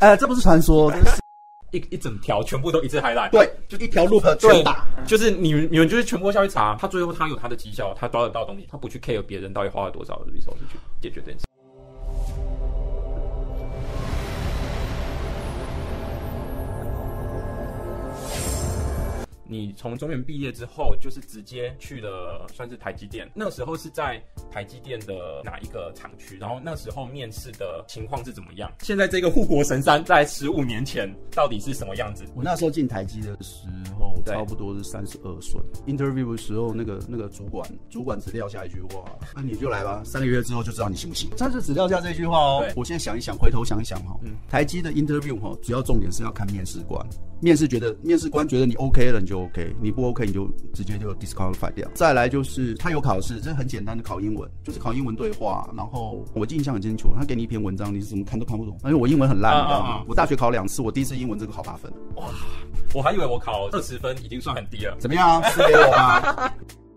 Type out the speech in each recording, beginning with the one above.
呃，這不是傳說，這是 一一整條全部都一次 highlight，對，就一條路全打，對 就是你們你們就是全部下去查，他最後他有他的績效，他抓得到東西，他不去 care 別人到底花了多少，隨手去解決這件事。 你從中原畢業之後，就是直接去了，算是台積電。那時候是在台積電的哪一個廠區？然後那時候面試的情況是怎麼樣？現在這個護國神山在十五年前到底是什麼樣子？我那時候進台積的時候，差不多是三十二歲。Oh, 對 Interview 的時候，那個那個主管，主管只撂下一句話：“那你就來吧，對三個月之後就知道你行不行。”但是只撂下這句話哦。對我現在想一想，回頭想一想哈，嗯、台積的 Interview 哈，主要重點是要看面試官。面試覺得面試官覺得你 OK 了，你就 OK；你不 OK，你就直接就 disqualify 掉。再來就是他有考試，這、就是、很簡單的考英文，就是考英文對話。然後我印象很清楚，他給你一篇文章，你是怎麼看都看不懂，因為我英文很爛，嗯、你知道嗎？嗯嗯、我大學考兩次，我第一次英文這個考八分。哇，我還以為我考二十分已經算很低了。怎麼樣？私給我啊。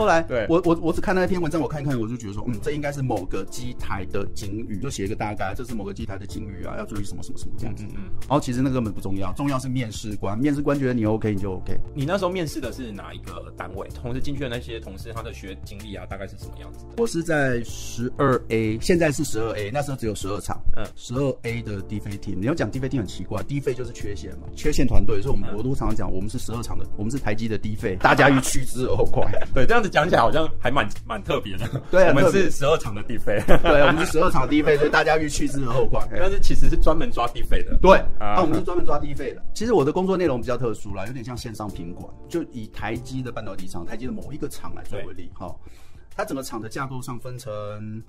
後來我對我，我我我只看那一篇文章，我看一看，我就覺得說，嗯，這應該是某個機台的警語，就寫一個大概，這是某個機台的警語啊，要注意什麼什麼什麼這樣子。子、嗯。嗯。然後其實那個根本不重要，重要是面試官，面試官覺得你 OK，你就 OK。你那時候面試的是哪一個單位？同時進去的那些同事，他的學經歷啊，大概是什麼樣子？我是在十二 A，現在是十二 A，那時候只有十二廠。嗯，十二 A 的 D 費 team，你要講 D 費 team 很奇怪，低費就是缺陷嘛，缺陷團隊，所以我們、嗯、我都常常講，我們是十二廠的，我們是台積的低費、啊，大家欲趨之而快，對， 對，這樣子。講起來好像還蠻蠻特別的。對，我們是十二廠的 defect。對，我們是十二廠的 defect，所以大家欲去之而後快，但是其實是專門抓 defect 的。對，啊，啊，我們是專門抓 defect 的。其實我的工作內容比較特殊啦，有點像線上品管，就以台積的半導體廠、台積的某一個廠來作為例。好對、哦，它整個廠的架構上分成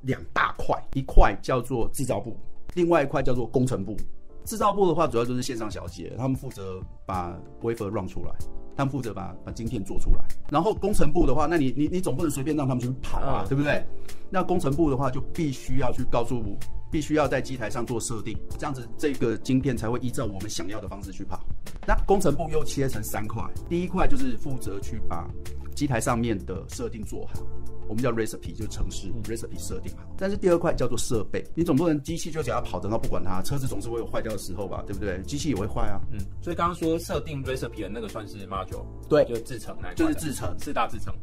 兩大塊，一塊叫做制造部，另外一塊叫做工程部。制造部的話，主要就是線上小姐，他們負責把 wafer run 出來。他們負責把把晶片做出來，然後工程部的話，那你你你總不能隨便讓他們去跑啊，啊對不對？那工程部的話，就必須要去告訴我，必須要在機台上做設定，這樣子這個晶片才會依照我們想要的方式去跑。那工程部又切成三塊，第一塊就是負責去把。機台上面的設定做好，我們叫 recipe 就是程式、嗯、recipe 設定好。、嗯。但是第二塊叫做設備，你總不能機器就想要跑着然後不管它，車子總是會有壞掉的時候吧，對不對？機器也會壞啊。嗯，嗯所以剛剛說設定 recipe 的那個算是 module，對，就是製程來的，就是製程，就是製程四大製程，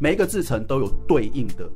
每一個製程都有對應的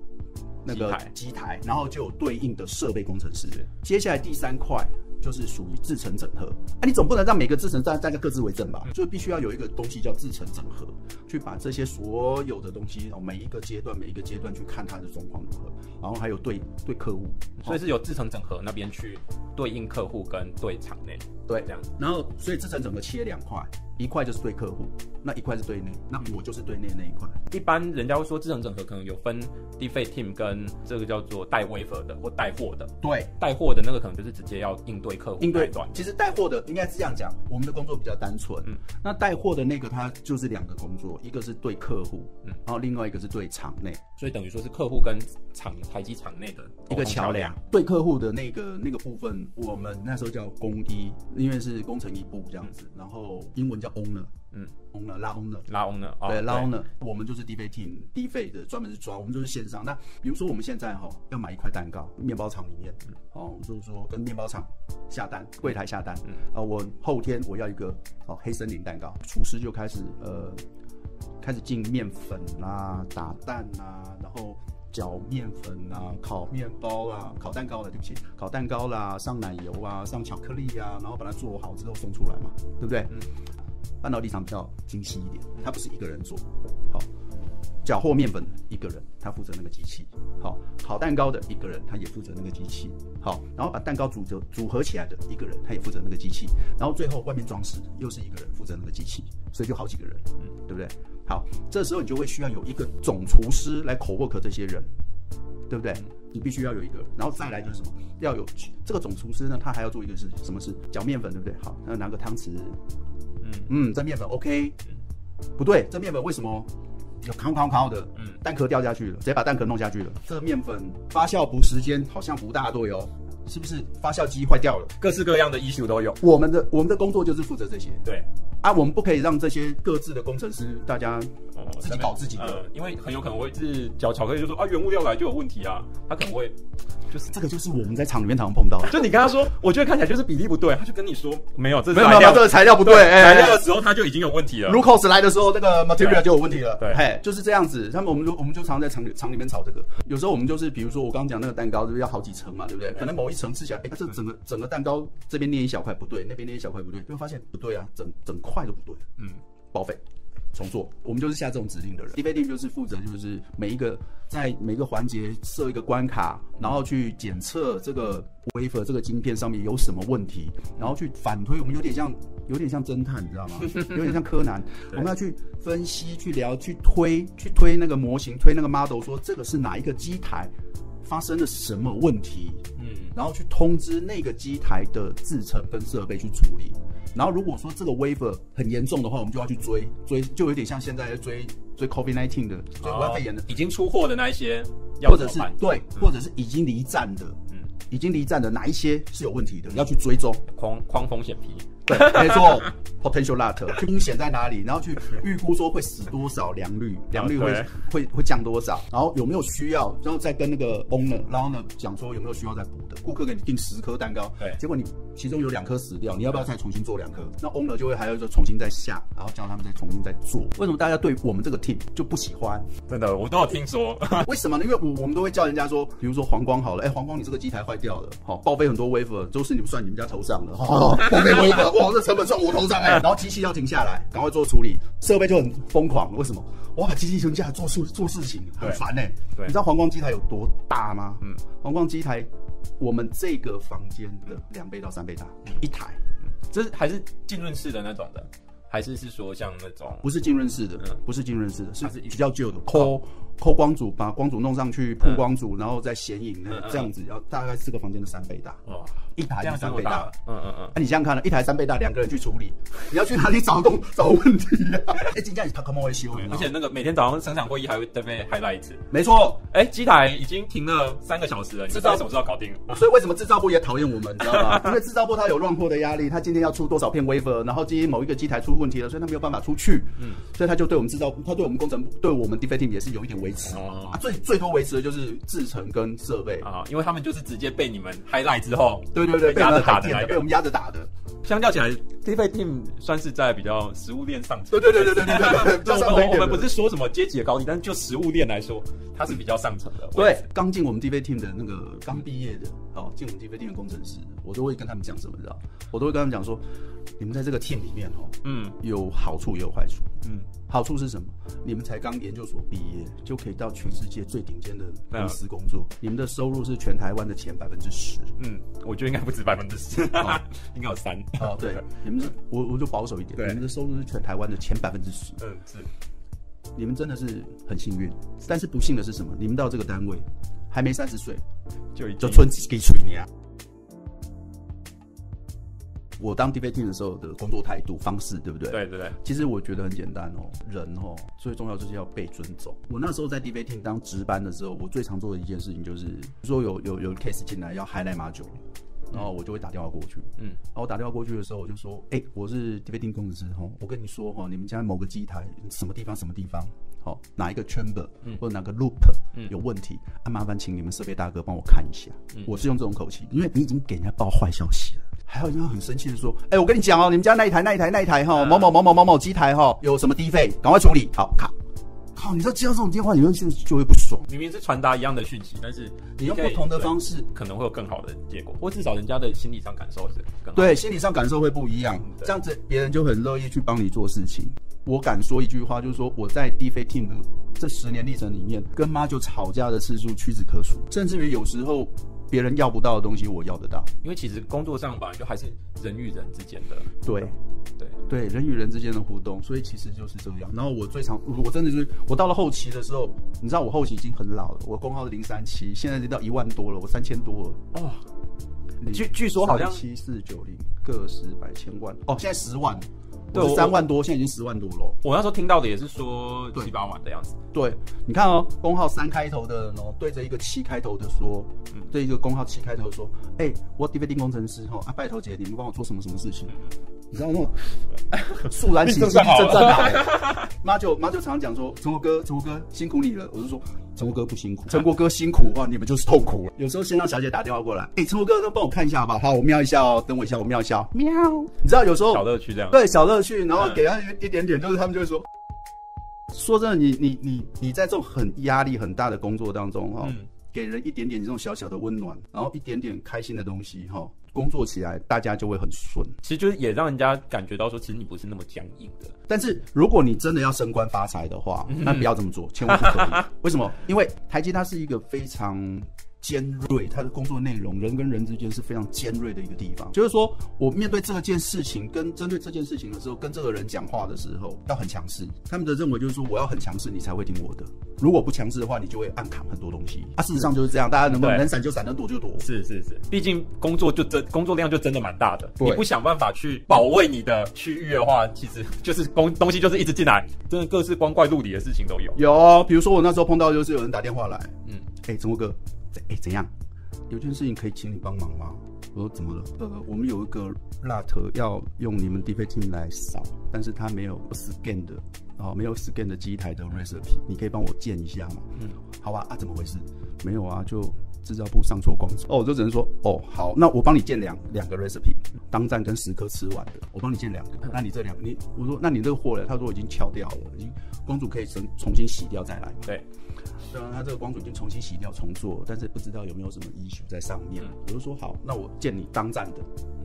那個機台，然後就有對應的設備工程師。對接下來第三塊。就是屬於製程整合。啊、你總不能讓每個製程站站各自為政吧？就必須要有一個東西叫製程整合，去把這些所有的東西，每一個階段每一個階段去看它的狀況如何，然後還有對對客戶，所以是有製程整合那邊去對應客戶跟對場內。對、啊，這樣然後所以製程整合切兩塊，一塊就是對客戶，那一塊是對內，那我就是對內那一塊。一般人家會說製程整合可能有分 defect team 跟這個叫做帶 Wafer 的或帶貨的。對，帶貨的那個可能就是直接要應對客戶應對短。其實帶貨的應該是這樣講，我們的工作比較單純。嗯。那帶貨的那個它就是兩個工作，一個是對客戶，嗯，然後另外一個是對廠內。所以等於說是客戶跟廠台積廠內的、哦、一個橋梁。橋梁對客戶的那個那個部分，我們那時候叫工一。因為是工程一部這樣子，嗯、然後英文叫 owner，嗯，嗯，owner，拉 owner，拉 owner，就是 owner oh, 對，拉 owner，我們就是 dev team，低費的，專門是抓，我們就是線上。那比如說我們現在哈、哦、要買一塊蛋糕，麵包廠裡面，哦、嗯，就是說跟麵包廠下單，櫃台下單，啊、嗯，然後我後天我要一個哦黑森林蛋糕，廚師就開始呃開始進麵粉啦、打蛋啦，然後。攪面粉啊，烤麵包啊，烤蛋糕的。對不起，烤蛋糕啦，上奶油啊，上巧克力呀、啊，然後把它做好之後送出來嘛，對不對？嗯。半導體廠比較精細一點，它不是一個人做，好，攪和面粉的一個人，他負責那個機器；好，烤蛋糕的一個人，他也負責那個機器；好，然後把蛋糕組成組合起來的一個人，他也負責那個機器；然後最後外面裝飾又是一個人負責那個機器，所以就好幾個人，嗯，對不對？好，這時候你就會需要有一個總廚師來口 work 這些人，對不對？你必須要有一個，然後再來就是什麼？要有這個總廚師呢，他還要做一個事，什麼事？攪麵粉，對不對？好，那拿個湯匙，嗯嗯，這麵粉 OK？嗯，不對，這麵粉為什麼有扛扛扛的，嗯，蛋殼掉下去了，直接把蛋殼弄下去了。這麵粉發酵不時間好像不大對哦，是不是發酵機壞掉了？各式各樣的 issue 都有，我們的我們的工作就是負責這些，對。啊，我們不可以讓這些各自的工程師大家自己搞自己的，嗯呃、因為很有可能會是攪巧克力就是，就說啊，原物料來就有問題啊，他可能會。嗯就是這個，就是我們在廠裡面常常碰到。就你跟他說，我覺得看起來就是比例不對，他就跟你說沒有，這是材料，這個材料不對。材料的時候他就已經有問題了。Lucas 來的時候，這個 material 就有問題了。對，就是這樣子。那麼我們我們就常常在廠廠裡面炒這個。有時候我們就是比如說我剛剛講那個蛋糕就是要好幾層嘛，對不對？可能某一層吃起來，哎，這整個整個蛋糕這邊捏一小塊不對，那邊捏一小塊不對，就會發現不對啊，整整塊都不對，嗯，報廢。重做，我們就是下這種指令的人。DVD 就是負責，就是每一個在每一個環節設一個關卡，然後去檢測這個 wafer 這個晶片上面有什麼問題，然後去反推。我們有點像，嗯、有點像偵探，你知道嗎？ 有點像柯南。對我們要去分析、去聊、去推、去推那個模型、推那個 model，說這個是哪一個機台發生了什麼問題，嗯，然後去通知那個機台的製程跟設備去處理。然後如果說這個 waiver 很嚴重的話，我們就要去追追，就有點像現在在追追 COVID nineteen 的，追新冠肺炎的，已經出貨的那一些要，或者是對，嗯、或者是已經離站的，嗯，已經離站的哪一些是有問題的，你要去追蹤，框框風險批。對，沒錯 ，potential lot 風險在哪裡？然後去預估說會死多少良率，Okay. 良率會會會降多少？然後有沒有需要？然後再跟那個 owner 然後呢講說有沒有需要再補的？顧客給你訂十顆蛋糕，對，結果你其中有兩顆死掉，你要不要再重新做兩顆？那 owner 就會還要說重新再下，然後叫他們再重新再做。為什麼大家對我們這個 team 就不喜歡？真的，我都有聽說。 為什麼呢？因為我我們都會叫人家說，比如說黃光好了，哎、欸，黃光你這個機台壞掉了，好、哦、報廢很多 wafer，都是你們算你們家頭上的，報廢 wafer。哦，這成本算我頭上哎，然後機器要停下來，趕快做處理，設備就很瘋狂。為什麼？哇，機器停下來做事做事情很煩呢。對，你知道黃光機台有多大嗎？嗯，黃光機台我們這個房間的兩倍到三倍大，一台。嗯，這還是浸潤式的那種的，還是是說像那種？不是浸潤式的，不是浸潤式的，是比較舊的，摳摳光阻，把光阻弄上去，曝光阻，然後再顯影，這樣子要大概四個房間的三倍大。哦。一台這樣三倍大，嗯嗯嗯，那你想想看呢，一台三倍大，兩個人去處理，你要去哪裡找東找問題啊？哎，金價是 Pokemon 修，而且那個每天早上生產會議還會特別 highlight 一次，沒錯。哎，機台已經停了三個小時了，製造什麼時候搞定？所以為什麼製造部也討厭我們，你知道嗎？因為製造部他有亂破的壓力，他今天要出多少片 wafer，然後今天某一個機台出問題了，所以他沒有辦法出去，嗯，所以他就對我們製造部，他對我們工程部，對我們 defect 也是有一點維持啊，最最多維持的就是製程跟設備啊，因為他們就是直接被你們 highlight 之後，對。對對壓着打的來、那個，被我們壓着打的。相較起來 DV Team 算是在比較食物鏈上層。對對對對對對，這上面 我，我們不是說什麼階級的高低，但是就食物鏈來說，它是比較上層的。對，剛進我們 DV Team 的那個剛畢業的。好，進我們 t v l 的工程師，我都會跟他們講什麼道？我都會跟他們講說，你們在這個 team 裡面，喔，哈，嗯，有好處也有壞處，嗯，好處是什麼？你們才剛研究所畢業，就可以到全世界最頂尖的公司工作，嗯，你們的收入是全台灣的前百分之十，嗯，我覺得應該不止百分之十， 應該有三啊，哦，對，對你們是，我我就保守一點，對你們的收入是全台灣的前百分之十，嗯，是，你們真的是很幸運，但是不幸的是什麼？你們到這個單位。還沒三十歲，就已經就吹雞吹我當 defect team 的時候的工作態度方式，對不對？對對對。其實我覺得很簡單哦、喔，人哦、喔，最重要就是要被尊重。我那時候在 defect team 當值班的時候，我最常做的一件事情就是，說有有有 case 進來要海內馬酒，然後我就會打電話過去。嗯，嗯，然後我打電話過去的時候，我就說，哎、嗯欸，我是 defect team 公司哈，我跟你說哈、喔，你們家某個機台什麼地方什麼地方。什麼地方好、哦，哪一個 chamber、嗯、或者哪個 loop 有問題？那、嗯嗯啊、麻煩請你們設備大哥幫我看一下。嗯，我是用這種口氣，因為你已經給人家報壞消息了。還有人家很生氣的說：“哎、欸，我跟你講哦，你們家那一台、那一台、那一台哈，嗯、某某某某某某機台哈，有什麼 defect，趕快處理。”好，卡。好，你知道接到這種電話，你現在就會不爽。明明是傳達一樣的訊息，但是你，你用不同的方式，可能會有更好的結果，或至少人家的心理上感受是。對，心理上感受會不一樣，對這樣子別人就很樂意去幫你做事情。我敢說一句話，就是說我在 Defect Team 的這十年歷程裡面，跟媽就吵架的次數屈指可數，甚至於有時候別人要不到的東西我要得到，因為其實工作上吧，就還是人與人之間的，對對，對人與人之間的互動，所以其實就是這樣。然後我最常，我真的、就是我到了後期的時候，你知道我後期已經很老了，我工號是零三七，現在已經到一萬多了，我三千多了，哦，你據據說好，好像七四九零個十百千萬哦，現在十萬。對，三萬多，現在已經十萬多了。我那時候聽到的也是說七八萬的樣子對。對，你看哦，工號三開頭的人哦，對着一個七開頭的說，嗯、對一個工號七開頭的說，哎、嗯欸，我 defect 工程師哦，啊，拜託姐，你們幫我做什麼什麼事情？你知道那種、個、肅然起敬正在哪的，媽 就媽就常講說陳國哥陳國哥辛苦你了。我是說陳國哥不辛苦，陳國、啊、哥辛苦你們就是痛苦了。嗯、有時候先讓小姐打電話過來，哎、欸，陳國哥都幫我看一下好不好。好，我瞄一下哦，等我一下，我瞄一下喵。你知道有時候小樂趣這樣對，小樂趣，然後給他一點點，就是他們就會說，嗯、說真的，你你你你在這種很壓力很大的工作當中哈，哦嗯、給人一點點這種小小的溫暖，然後一點點開心的東西哈。哦工作起來大家就會很順，其實就是也讓人家感覺到說，其實你不是那麼僵硬的。但是如果你真的要升官發財的話，嗯、哼那不要這麼做，千萬不可以。 為什麼？因為台積它是一個非常尖銳，他的工作內容，人跟人之間是非常尖銳的一個地方。就是說我面對這件事情，跟針對這件事情的時候，跟這個人講話的時候，要很強勢。他們的認為就是說，我要很強勢，你才會聽我的。如果不強勢的話，你就會暗扛很多東西。啊，事實上就是這樣。大家能不能能閃就閃，對能躲就躲。是是是，畢竟工作就真，工作量就真的蠻大的。對你不想辦法去保衛你的區域的話，其實就是工東西就是一直進來。真的，各式光怪陸離的事情都有。有、啊，比如說我那時候碰到就是有人打電話來，嗯，誒、欸，陳國哥。哎、欸，怎樣？有件事情可以請你幫忙嗎？我說怎麼了？呃，我們有一個 lot 要用你們 defect team 來掃，但是它沒有 scan 的，哦，沒有 scan 的機台的 recipe，你可以幫我建一下嗎？嗯，好吧、啊，啊，怎麼回事？沒有啊，就。製造部上錯光罩哦，我就只能說哦好，那我幫你建兩兩個 recipe，當站跟蝕刻完的，我幫你建兩個，嗯那兩個。那你這兩你，我說那你這個貨呢？他說已經敲掉了，已經光罩可以重重新洗掉再來。對，雖然、嗯啊、他這個光罩已經重新洗掉重做，但是不知道有沒有什麼 issue 在上面。嗯、我就說，好，那我建你當站的，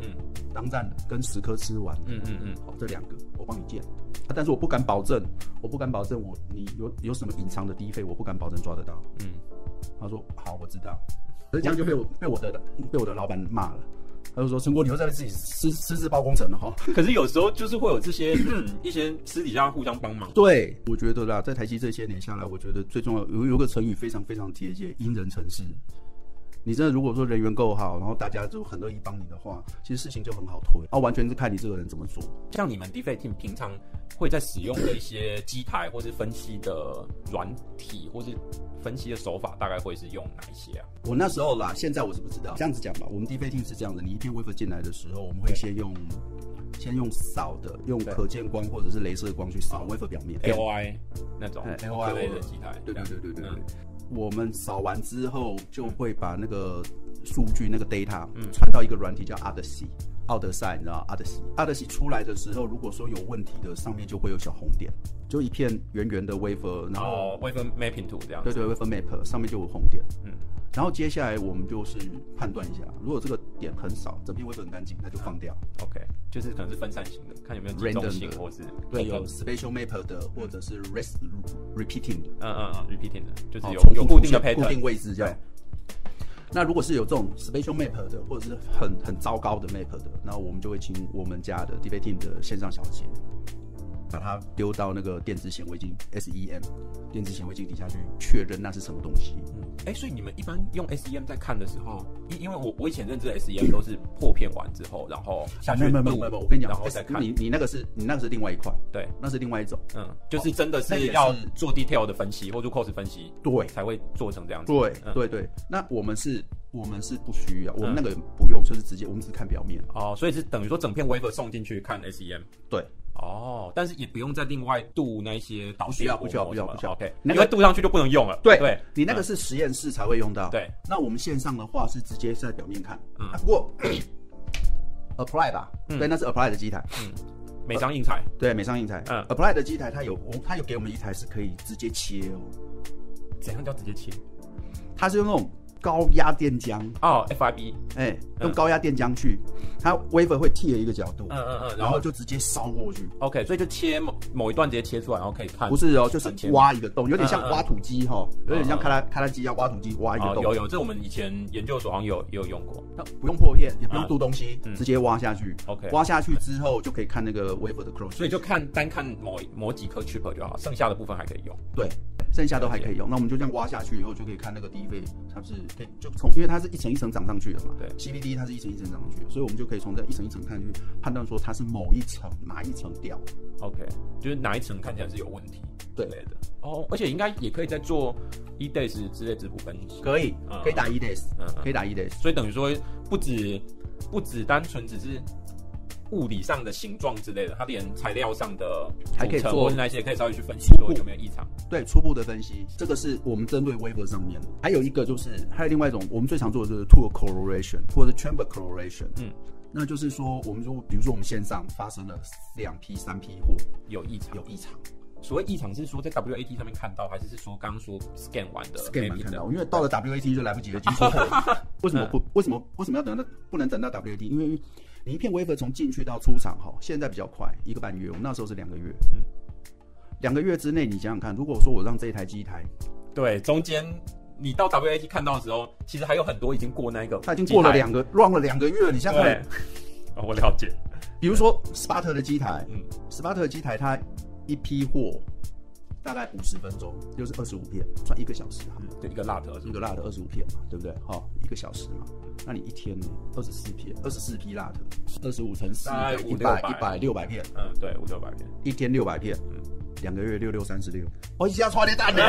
嗯，當站的跟蝕刻完，嗯嗯嗯，哦、這兩個我幫你建、啊，但是我不敢保證，我不敢保證我你有有什麼隱藏的 defect，我不敢保證抓得到，嗯。他說好，我知道，所以這樣就被我 被我的被我的老闆罵了。他就說：“陳國，你又在自己私私自包工程了、哦、哈。”可是有時候就是會有這些、 嗯、一些私底下互相幫忙。對，我覺得啦，在台積這些年下來，我覺得最重要有有個成語非常非常貼切，嗯、因人成事。你真的如果說人緣夠好，然後大家就很樂意幫你的話，其實事情就很好推。啊，完全是看你這個人怎麼做。像你們 defect team 平常會在使用的一些機台，或是分析的軟體，對或是分析的手法，大概會是用哪一些啊？我那時候啦，現在我是不知道。這樣子講吧，我們 defect team 是這樣的，你一片 wafer 進來的時候，我們會先用對先用掃的，用可見光或者是鐳射光去掃 wafer 對、oh, 表面。AOI 對那種 AOI L、e、的機台。對對,對對對對對。嗯我們掃完之後，就會把那個數據、那個 data、嗯、傳到一個軟體叫 ADC。奧德賽，你知道阿德西。阿德西出來的時候，如果說有問題的，上面就會有小紅點，就一片圓圓的 wafer 然後 wafer mapping 圖這樣，對對，wafer mapper 上面就有紅點，嗯，然後接下來我們就是判斷一下，如果這個點很少，整片 wafer 很乾淨，那就放掉、嗯、OK，就是可能是分散型的，看有沒有 random 的或是有對有 spatial map 的、嗯、或者是 repeat repeating，嗯嗯嗯，repeating 的，就是有，有固定的配置，固定位置這樣。嗯那如果是有這種 spatial map 的，或者是很很糟糕的 map 的，那我們就會請我們家的 DV team 的線上小姐。把它丟到那個電子顯微鏡 SEM 電子顯微鏡底下去確認那是什麼東西。嗯，哎，所以你們一般用 SEM 在看的時候，因因為我我以前認知的 SEM 都是破片完之後，然後下去，不不不，我跟你講，你你那個是你那個是另外一塊，對，那是另外一種，嗯，就是真的是要做 detail 的分析或做 cross 分析，對，才會做成這樣子。對對對，那我們是我們是不需要，我們那個不用，就是直接我們只看表面哦，所以是等於說整片 wafer 送進去看 SEM，對。哦，但是也不用再另外鍍那一些導水，不需要，不需要，不需要，OK。因為鍍上去就不能用了。對對，你那個是實驗室才會用到。對，那我們線上的話是直接在表面看。嗯，不過，apply 吧，對，那是 apply 的機台。嗯，美商應材，對，美商應材。嗯，apply 的機台它有，我它有給我們一台是可以直接切哦。怎樣叫直接切？它是用那種。高壓電漿哦，FIB，哎，用高壓電漿去，它 wafer 會 tilt 一個角度，嗯嗯嗯，然後就直接燒過去，OK，所以就切某某一段直接切出來，然後可以看，不是哦，就是挖一個洞，有點像挖土機哈，有點像開拉開拉機要挖土機挖一個洞，有有，這我們以前研究所有有用過，那不用破片，也不用鍍東西，直接挖下去，OK，挖下去之後就可以看那個 wafer 的 cross，所以就看單看某某幾顆 chip 就好了，剩下的部分還可以用，對，剩下都還可以用，那我們就這樣挖下去以後就可以看那個 defect 它是。對就從，因為它是一層一層長上去的嘛，對 CVD 它是一層一層長上去的，所以我們就可以從這一層一層看去判斷說它是某一層哪一層掉，OK，就是哪一層看起來是有問題，對的，哦，而且應該也可以再做 E days 之類質譜分析，可以，嗯、可以打 E days，嗯，可以打 E days，所以等於說不止，不止單純只是。物理上的形狀之類的，它連材料上的還可以做那些，可以稍微去分析有沒有異常。對，初步的分析，這個是我們針對 wafer 上面。還有一個就是，還有另外一種，我們最常做的就是 tool correlation 或者是 chamber correlation。嗯，那就是說，我們就比如說，我們線上發生了兩批、三批貨有異常，有異常。所謂異常是說在 W A T 上面看到，還是是說剛剛說 scan 完的 scan 完看到？因為到了 W A T 就來不及了。 為什麼不？ 為什麼 為什麼要等到？不能等到 W A T，因為，你一片 wafer 從進去到出廠哈，現在比較快，一個半月。我們那時候是兩個月。兩、嗯、個月之內你想想看，如果說我讓這一台機台，對，中間你到 W A T 看到的時候，其實還有很多已經過那個，他已經過了兩個，run< 台>了兩個月。你現在，哦，我了解。比如說 sparta 的機台，嗯 sparta 的機台它。一批貨，大概五十分鐘，就是二十五片，算一個小時對，一個拉的一個拉的二十五片嘛，對不對？好，一個小時嘛，那你一天二十四片，二十四批拉的，二十五乘四，一百一百六百片，嗯，對，五六百片，一天六百片，兩個月六六三十六，哇，一下穿的蛋的，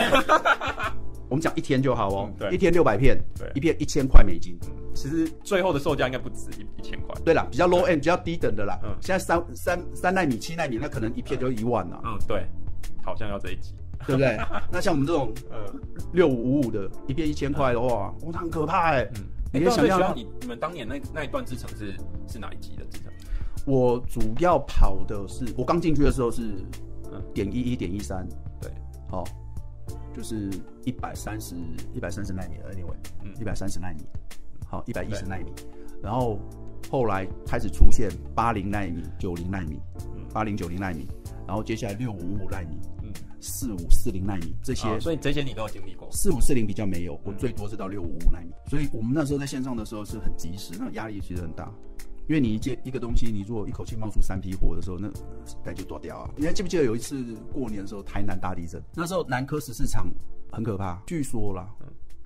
我們講一天就好哦，一天六百片，對，一片一千塊美金。其實最後的售價應該不止一一千塊。對啦，比較 low end，比較低等的啦。嗯。現在三三三納米、七納米，那可能一片就一萬了。嗯，對。好像要這一級，對不對？那像我們這種，呃六五五五的，一片一千塊的話，哇，很可怕哎。嗯。你有沒有想到你你們當年那那一段製程是是哪一級的製程？我主要跑的是，我剛進去的時候是，嗯，點一一點一三，對，好，就是一百三十一百三十納米 Anyway，嗯，一百三十納米。好，一百一十奈米，對然後後來開始出現八零奈米、九零奈米，八零九零奈米，然後接下來六五五奈米，嗯，四五四零奈米,、嗯、米這些、啊，所以這些你都有經歷過。四五四零比較沒有，我最多是到六五五奈米。嗯、所以我們那時候在線上的時候是很及時，那壓力其實很大，因為你一接一個東西，你如果一口氣冒出三批貨的時候，那那就多掉啊。你還記不記得有一次過年的時候台南大地震，那時候南科十四廠很可怕，據說啦。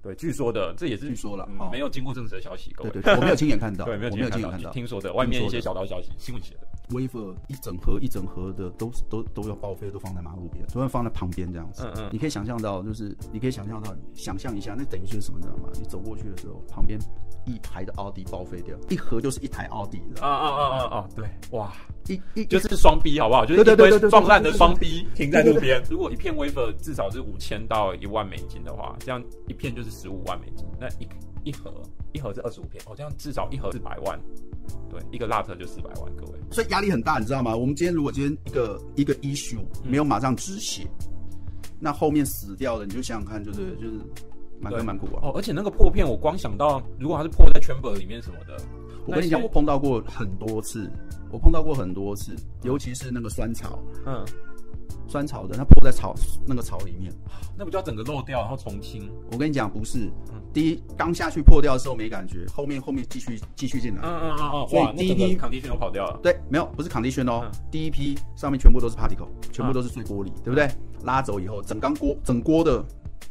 對，據說的，的這也是據說了，嗯、沒有經過證實的消息。各位，對對，我沒有親眼看到， 對，沒有親眼看到，看到聽，聽說的，外面一些小道消息，新聞寫的。wafer 一整盒一整盒的都都都要報廢，都放在馬路邊，都要放在旁邊這樣子。嗯嗯你，就是，你可以想象到，就是你可以想象到，想象一下，那等於是什麼你知道嗎？你走過去的時候，旁邊一排的奧迪報廢掉，一盒就是一台奧迪。啊啊啊啊啊！對，哇，一一就是雙 B 好不好？就是對對撞爛的雙 B 停在路邊。 如果一片 wafer 至少是五千到一萬美金的話，這樣一片就是十五萬美金。那一。一盒一盒是二十五片，好、哦、像至少一盒四百萬，對，一個拉特就四百萬，各位，所以壓力很大，你知道嗎？我們今天如果今天一個、嗯、一個 issue、嗯、沒有馬上止血，嗯、那後面死掉了，你就想想看就，嗯、就是就是滿都滿不完啊。哦。而且那個破片，我光想到如果它是破在 chamber 裡面什麼的，我跟你講，些我碰到過很多次，我碰到過很多次，嗯、尤其是那個酸草，嗯。酸草的，它破在草那個草裡面，那不就要整個漏掉，然後重新？我跟你講，不是。第一剛下去破掉的時候沒感覺，後面後面繼續繼續進來。啊啊啊啊！嗯嗯嗯、所以第一批 condition 都跑掉了。對，沒有，不是 condition 的哦。嗯、第一批上面全部都是 particle，全部都是碎玻璃，嗯、對不對？嗯、拉走以後，整缸鍋，整鍋的，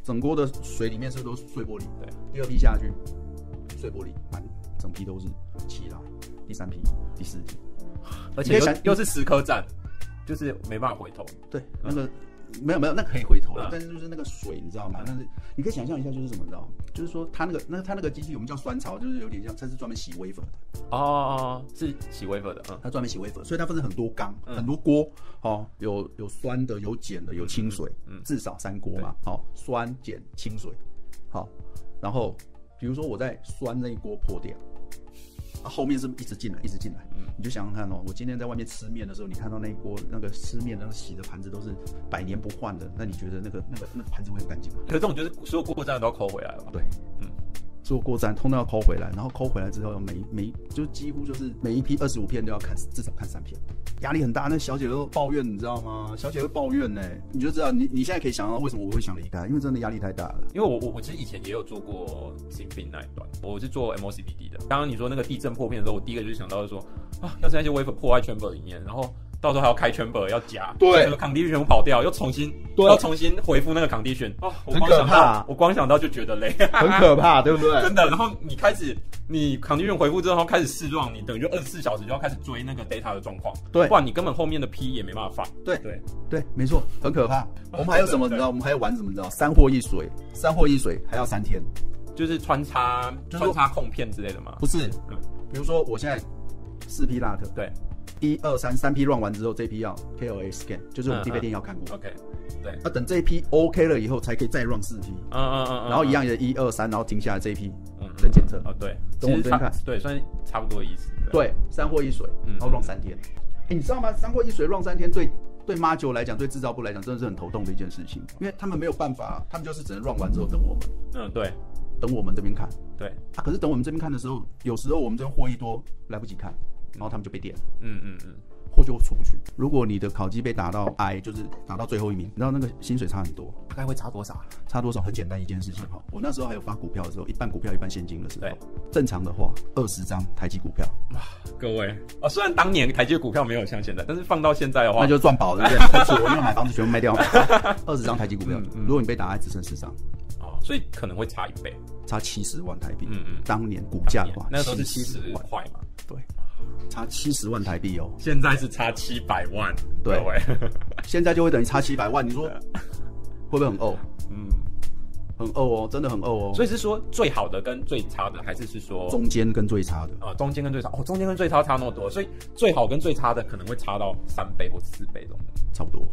整鍋的水裡面是不是都是碎玻璃？對。第二批下去，嗯、碎玻璃，滿，整批都是，齊了。第三批，第四批，而且又，又是十顆站。就是沒辦法回頭，對，那個沒有沒有，那可以回頭了。但是就是那個水，你知道嗎？但是你可以想象一下，就是什麼，你知道嗎？就是說它那個那它那個機器，我們叫酸槽，就是有點像它是專門洗微粉哦，是洗微粉的，嗯，它專門洗微粉，所以它分成很多缸，很多鍋，哦，有有酸的，有鹼的，有清水，嗯，至少三鍋嘛，好，酸鹼清水，好，然後比如說我在酸那一鍋破掉。啊、後面是一直進來，一直進來。嗯，你就想想看哦，我今天在外面吃麵的時候，你看到那一鍋那個吃麵那個洗的盤子都是百年不換的，那你覺得那個那個那盤子會很乾淨嗎？可是這種就是所有過站都要摳回來了。對，嗯，所有過站通道要摳回來，然後摳回來之後，每每就幾乎就是每一批二十五片都要看，至少看三片。壓力很大，那小姐都抱怨，你知道嗎？小姐會抱怨呢、欸，你就知道，你你現在可以想到為什麼我會想離開，因為真的壓力太大了。因為我我我其實以前也有做過晶片那一段，我是做 MOCVD 的。剛剛你說那個地震破片的時候，我第一個就是想到就是說啊，要是一些微破壞全部的晶圓然後。到時候還要開全板要夾，對，condition 跑掉又重新，要重新回復那個 condition 啊，很可怕。我光想到就覺得累，很可怕，對不對？真的。然後你開始，你 condition 回復之後，開始試狀，你等於二十四小時就要開始追那個 data 的狀況，對，不然你根本後面的 p 也沒辦法發。對對對，沒錯，很可怕。我們還有什麼你知道？我們還要玩什麼你知道？三貨一水，三貨一水還要三天，就是穿插，穿插控片之類的嗎？不是，嗯，比如說我現在四批拉特，對。一二三，三批 run 完之後，這批要 KLA scan，就是我們 defect 的要看過。OK，對。那等這一批 OK 了以後，才可以再 run 四批。嗯嗯嗯。然後一樣也一二三，然後停下來這一批。嗯嗯。在檢測。啊，對。等我這邊看。對，算差不多的意思。對，三貨一水，然後 run 三天。你知道嗎？三貨一水 run 三天，對對 module 來講，對制造部來講，真的是很頭痛的一件事情，因為他們沒有辦法，他們就是只能 run 完之後等我們。嗯，對。等我們這邊看。對。啊，可是等我們這邊看的時候，有時候我們這邊貨一多，來不及看。然後他們就被電了，嗯嗯嗯，貨就出不去。如果你的考績被打到 I，就是打到最後一名，然後那個薪水差很多，大概會差多少？差多少？很簡單一件事情哈。我那時候還有發股票的時候，一半股票一半現金的時候，正常的話，二十張台積股票，哇，各位啊，雖然當年台積股票沒有像現在，但是放到現在的話，那就賺飽了，對不對？我因為買房子全部賣掉，二十張台積股票，如果你被打 I，只剩四張，哦，所以可能會差一倍，差七十萬台幣。嗯嗯。當年股價的話，那時候是七十塊嘛？對。差七十萬台幣哦、喔，現在是差七百萬，對，位現在就會等於差七百萬， 你說會不會很嘔？嗯，很嘔哦、喔，真的很嘔哦、喔。所以是說最好的跟最差的，還是是說中間跟最差的？呃、哦，中間跟最差哦，中間跟最差差那麼多，所以最好跟最差的可能會差到三倍或四倍這種的，差不多。